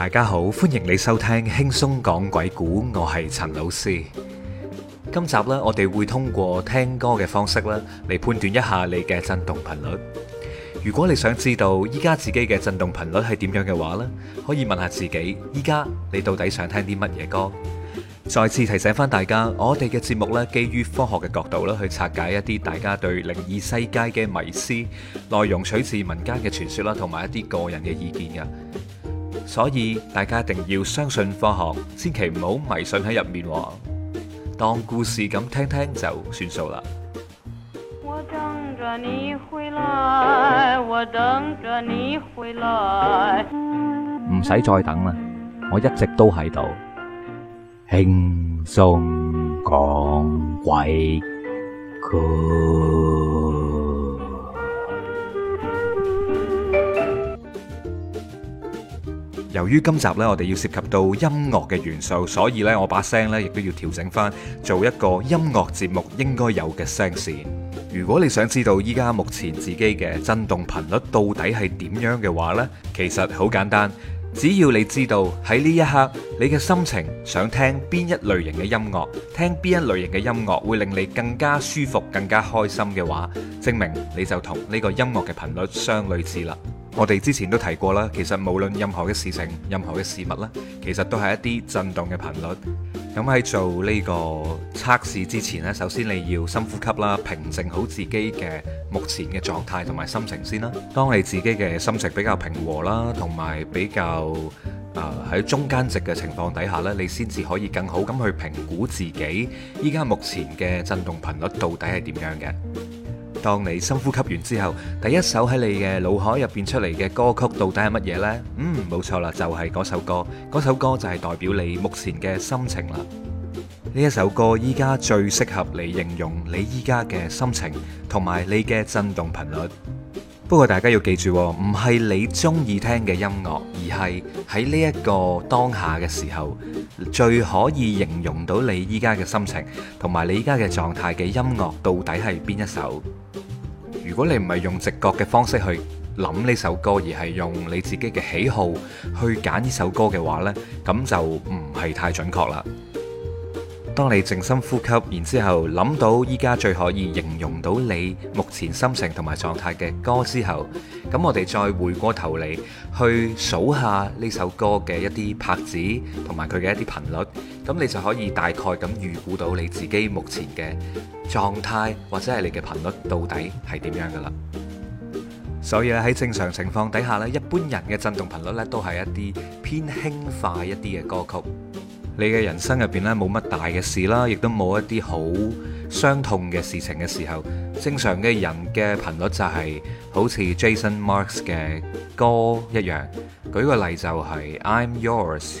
大家好，歡迎你收聽輕鬆講鬼故。我係陳老師。今集咧，我哋會通過聽歌嘅方式咧，嚟判斷一下你嘅震動頻率。如果你想知道依家自己嘅震動頻率係點樣嘅話咧，可以問一下自己，依家你到底想聽啲乜嘢歌？再次提醒翻大家，我哋嘅節目咧，基於科學嘅角度去拆解一啲大家對靈異世界嘅迷思，內容取自民間嘅傳說啦，同埋一啲個人嘅意見嘅。所以大家一定要相信科學，千祈唔好迷信喺入面。當故事咁聽聽就算數啦。我等著你回來，我等著你回來。唔使再等啦，我一直都喺度輕鬆講鬼故。由於今集咧，我哋要涉及到音樂嘅元素，所以咧，我把聲咧亦都要調整返，做一個音樂節目應該有嘅聲線。如果你想知道依家目前自己嘅震動頻率到底係點樣嘅話呢，其實好簡單，只要你知道喺呢一刻你嘅心情想聽邊一類型嘅音樂，聽邊一類型嘅音樂會令你更加舒服、更加開心嘅話，證明你就同呢個音樂嘅頻率相類似啦。我哋之前都提過啦，其實無論任何嘅事情、任何嘅事物啦，其實都係一啲震動嘅頻率。咁喺做呢個測試之前呢，首先你要深呼吸啦，平靜好自己嘅目前嘅狀態同埋心情先啦。當你自己嘅心情比較平和啦，同埋比較誒喺、呃、中間值嘅情況底下呢，你先至可以更好咁去評估自己依家目前嘅震動頻率到底係點樣嘅。當你深呼吸完之後，第一首喺你嘅腦海入邊出嚟嘅歌曲到底係乜嘢呢？嗯，冇錯啦，就係嗰首歌，嗰首歌就係代表你目前嘅心情啦。呢一首歌依家最適合你形容你依家嘅心情，同埋你嘅震動頻率。不過大家要記住，唔係你中意聽嘅音樂，而係喺呢一個當下嘅時候，最可以形容到你依家嘅心情同埋你依家嘅狀態嘅音樂，到底係邊一首？如果你唔係用直覺嘅方式去諗呢首歌，而係用你自己嘅喜好去揀呢首歌嘅話呢，咁就唔係太準確啦。當你靜心呼吸，然之後諗到依家最可以形容到你目前心情同埋狀態嘅歌之後，咁我哋再回過頭嚟去數下呢首歌嘅一啲拍子同埋佢嘅一啲頻率，咁你就可以大概咁預估到你自己目前嘅狀態或者係你嘅頻率到底係點樣噶啦。所以喺正常情況底下呢，一般人嘅震動頻率呢都係一啲偏輕快一啲嘅歌曲。你嘅人生入邊咧冇乜大嘅事啦，亦都冇一啲好傷痛嘅事情嘅時候，正常嘅人嘅頻率就係好似 Jason Mraz 嘅歌一樣。舉個例就係，I'm Yours。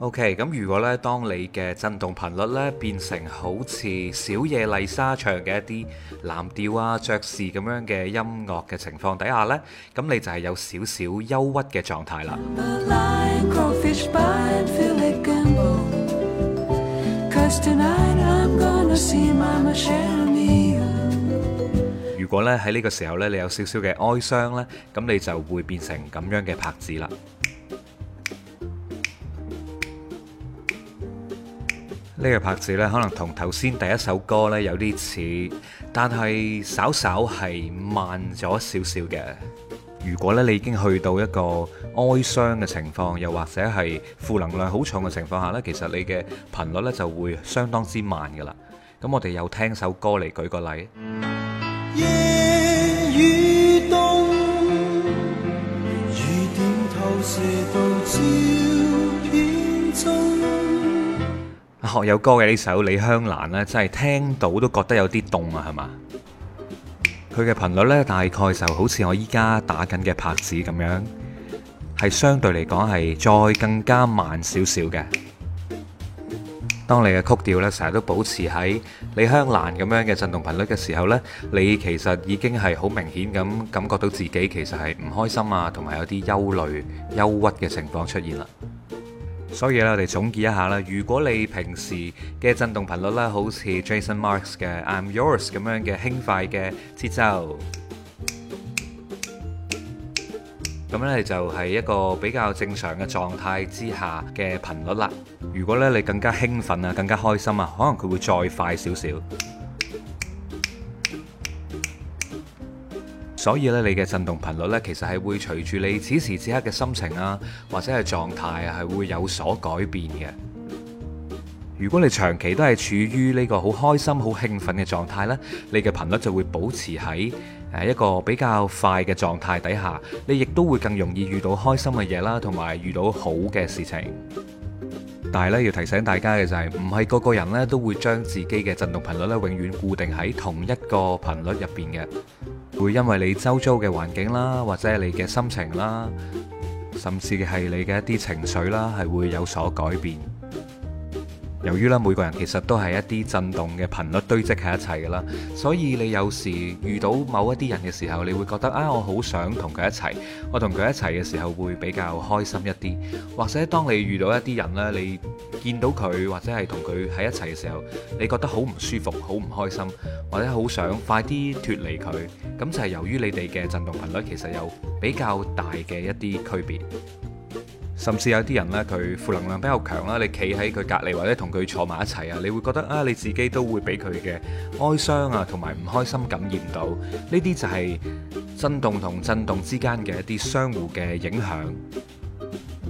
OK，咁如果咧，當你嘅震動頻率咧變成好似小野麗莎唱嘅一啲藍調啊、爵士咁樣嘅音樂嘅情況底下呢，咁你就係有少少憂鬱嘅狀態啦。 如果呢，喺呢個時候呢，你有少少嘅哀傷呢，咁你就會變成咁樣嘅拍子啦。呢個拍子咧，可能同頭先第一首歌咧有啲似，但係稍稍係慢咗少少嘅。如果咧你已經去到一個哀傷嘅情況，又或者係負能量好重嘅情況下咧，其實你嘅頻率咧就會相當之慢噶啦。咁我哋又聽首歌嚟舉個例子。我有歌嘅呢首李香蘭呢，真係聽到都覺得有啲凍啊，係嘛？佢嘅頻率呢，大概就好似我依家打緊嘅拍子咁樣，係相對嚟講係再更加慢少少嘅。當你嘅曲調呢，成日都保持喺李香蘭咁樣嘅震動頻率嘅時候呢，你其實已經係好明顯咁感覺到自己其實係唔開心啊，同埋有啲憂慮、憂鬱嘅情況出現啦。所以咧，我哋總結一下啦。如果你平時嘅震動頻率咧，好似 Jason Mraz 嘅《I'm Yours》咁樣嘅輕快嘅節奏，咁咧就係一個比較正常嘅狀態之下嘅頻率啦。如果咧你更加興奮啊，更加開心啊，可能佢會再快少少。所以咧，你嘅震動頻率咧，其實係會隨住你此時此刻嘅心情啊，或者係狀態啊，係會有所改變嘅。如果你長期都係處於呢個好開心、好興奮嘅狀態呢，你嘅頻率就會保持喺誒一個比較快嘅狀態底下，你亦都會更容易遇到開心嘅嘢啦，同埋遇到好嘅事情。但係咧，要提醒大家嘅就係，唔係個個人咧都會將自己嘅震動頻率咧永遠固定喺同一個頻率入邊嘅。會因為你周遭嘅環境啦，或者你嘅心情啦，甚至係你嘅一啲情緒啦，係會有所改變。由於咧，每個人其實都係一啲震動嘅頻率堆積喺一齊嘅啦，所以你有時遇到某一啲人嘅時候，你會覺得啊，我好想同佢一齊，我同佢一齊嘅時候會比較開心一啲；或者當你遇到一啲人呢，你見到佢或者係同佢喺一齊嘅時候，你覺得好唔舒服、好唔開心，或者好想快啲脫離佢，咁就係由於你哋嘅震動頻率其實有比較大嘅一啲區別。甚至有啲人咧，佢負能量比較強啦，你企喺佢隔離或者同佢坐埋一齊啊，你會覺得啊，你自己都會俾佢嘅哀傷啊同埋唔開心感染到，呢啲就係震動同震動之間嘅一啲相互嘅影響。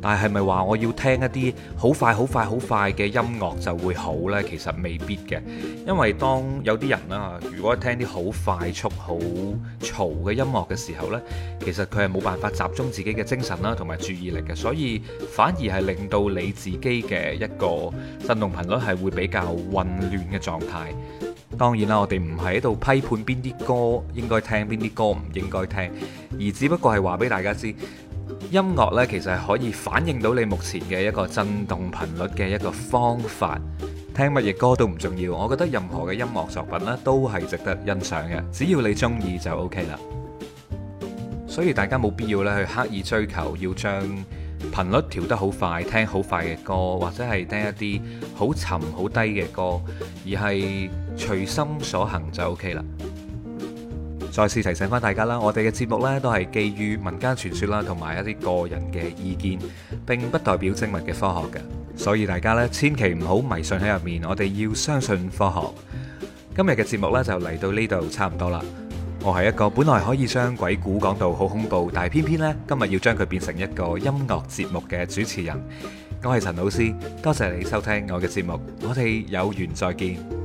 但係咪話我要聽一啲好快、好快、好快嘅音樂就會好呢？其實未必嘅，因為當有啲人啦，如果聽啲好快速、好嘈嘅音樂嘅時候呢，其實佢係冇辦法集中自己嘅精神啦，同埋注意力嘅，所以反而係令到你自己嘅一個振動頻率係會比較混亂嘅狀態。當然啦，我哋唔係喺度批判邊啲歌應該聽，邊啲歌唔應該聽，而只不過係話俾大家知。音樂咧，其實係可以反映到你目前嘅一個震動頻率嘅一個方法，聽乜嘢歌都唔重要。我覺得任何嘅音樂作品咧，都係值得欣賞嘅，只要你中意就 O K 啦。所以大家冇必要咧，去刻意追求要將頻率調得好快，聽好快嘅歌，或者係聽一啲好沉好低嘅歌，而係隨心所行就 O K 啦。再次提醒翻大家啦，我哋嘅節目呢都係基於民間傳說啦，同埋一啲個人嘅意見，並不代表精密嘅科學嘅，所以大家呢，千祈唔好迷信喺入面。我哋要相信科學。今日嘅節目呢就嚟到呢度差唔多啦。我係一個本來可以將鬼故講到好恐怖，但係偏偏呢，今日要將佢變成一個音樂節目嘅主持人。我係陳老師，多謝你收聽我嘅節目，我哋有緣再見。